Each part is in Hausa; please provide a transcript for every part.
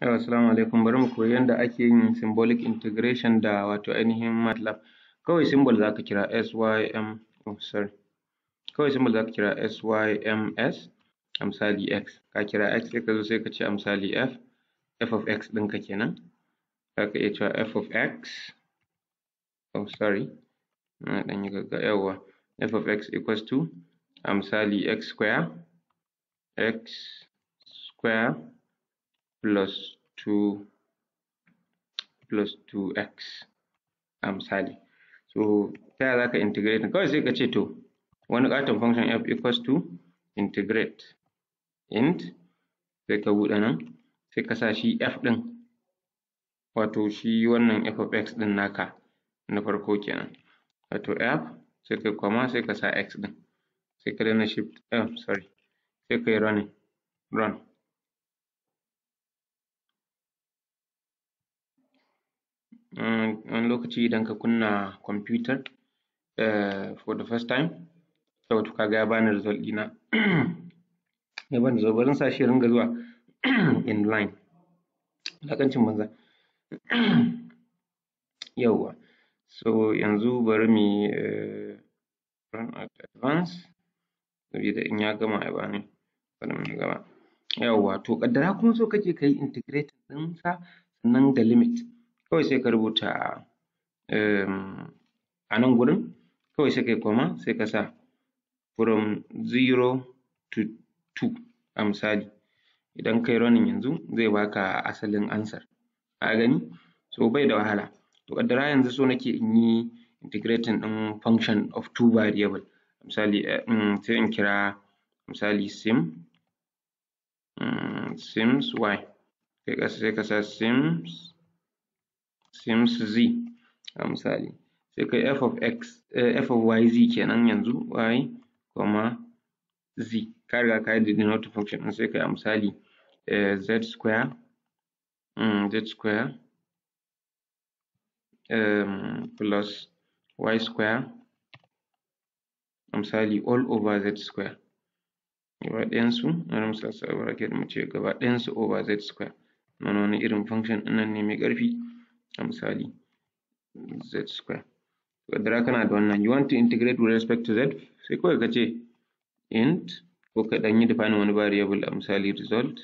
Yauwa Assalamu alaikum bari mu koyi yanda ake yin symbolic integration da wato ainihin matlab. Kawai symbol za ka kira sym oh sorry, kawai symbol za ka kira syms a misali x, ka kira x sai ka zo sai ka ce a misali f, f of x ɗinka kenan, za ka iya cewa f of x oh sorry, na ɗan yi gagga, yauwa f of x equals to a misali x square, x square plus 2 plus 2x a misali so ta yaya za ka integrate kawai sai ka ce to wani katon function f equals to integrate int sai ka buɗe nan sai ka sa shi f ɗin wato shi wannan f of x ɗin naka na farko kenan wato f sai kai kwama sai ka sa x ɗin sai ka daina shift f sorry sai kai running run Mm, wani lokaci idan ka kunna computer eh, for the first time yawwa to kaga ya bani result ɗina ya bani result bari in sa shi ya ringa zuwa in line wulaƙancin banza yawwa so yanzu bari mu yi eh, run at advance sabida in ya gama ya bani bari mu gama yawwa to ƙaddara kuma so kake kayi integrating ɗinsa sannan da limit kawai sai ka rubuta a nan gurin kawai sai kai koma sai ka sa from zero to 2 a misali idan kai running yanzu zai baka asalin answer a gani so bai da wahala to kaddara yanzu so nake in yi integrating din function of two variable misali sai in kira misali sim sims y sai ka sa sims sims z a misali sai kai f of x eh, f of y z kenan yanzu y comma z ka riga ka yi denote function ɗin sai kai a misali eh, z square um, z square um, plus y square a misali all over z square gaba ɗayansu wani misali bracket mu ce gaba su over z square mana wani irin function ɗin nan ne mai ƙarfi a misali z square kaddara kana da wannan you want to integrate with respect to z sai kawai ka ce int ko ka dan yi defining wani variable a misali result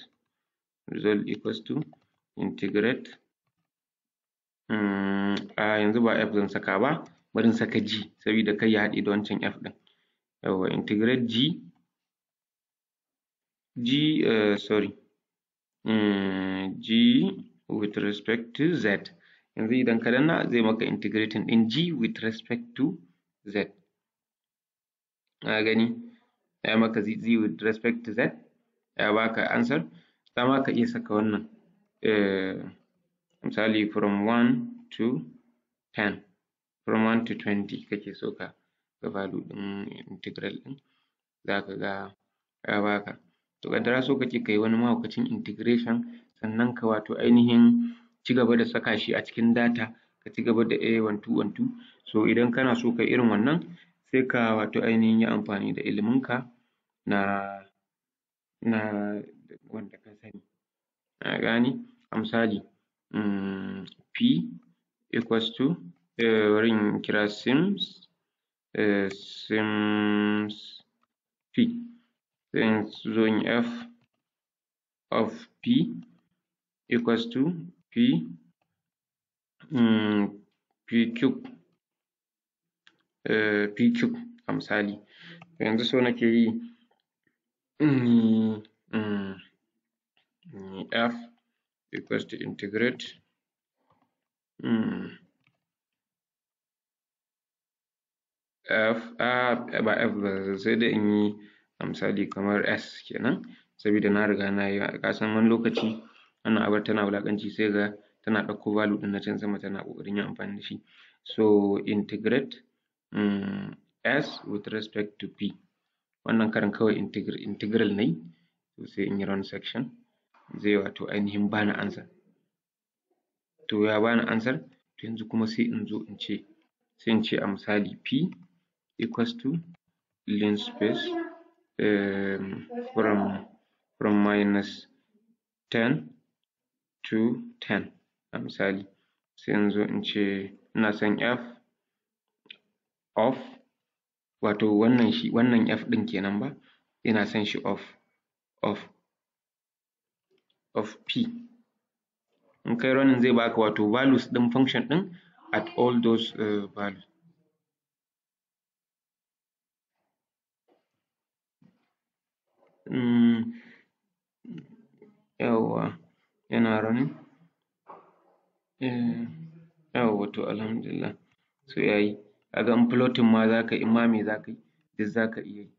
result equals to integrate mm, a yanzu ba f zan saka ba bari in saka g saboda kai ya haɗe da wancan f din yawwa integrate g g eh, sorry mm, g with respect to z yanzu idan ka danna zai maka integrating din g with respect to z na gani ya maka z with respect to z ya baka answer za ma ka iya saka wannan eh, misali from 1 to 10 from 1 to 20 kake so ka ga value din integral din za ka ga ya baka to kaddara so kake kai wani mahaukacin integration sannan ka wato ainihin ci gaba da saka shi a cikin data ka ci gaba da A1212 so idan kana so kai irin wannan sai ka wato ainihin yi amfani da iliminka na na wanda ka sani ka gane a misali um, P equals to uh, bari kira sims uh, sims P then zone F of P equals to P um P cube eh, P cube a misali yanzu so nake yi in mm, mm, F equals to integrate F um ba F ba sai dai in yi a misali kamar S kenan sabida na riga na yi ka san wani lokaci wannan abar tana wulaƙanci sai ga tana ɗauko value ɗin na can sama tana ƙoƙarin yin amfani da shi so integrate um, s with respect to p wannan karin kawai integral ne, to sai in yi run section zai wato ainihin bani answer to ya bani answer to yanzu kuma sai in zo in ce sai in ce a misali p equals to lin space um, from from minus 10 to ten a misali sai in zo in ce ina son f of wato wannan shi wannan f ɗin kenan ba ina son shi of of of p in kai running zai baka wato values ɗin function ɗin at all those uh, values mm. yawwa yana running eh yauwa to alhamdulillah sai yayi kaga in plotting ma zaka in ma me zaka yi duk zaka iya yi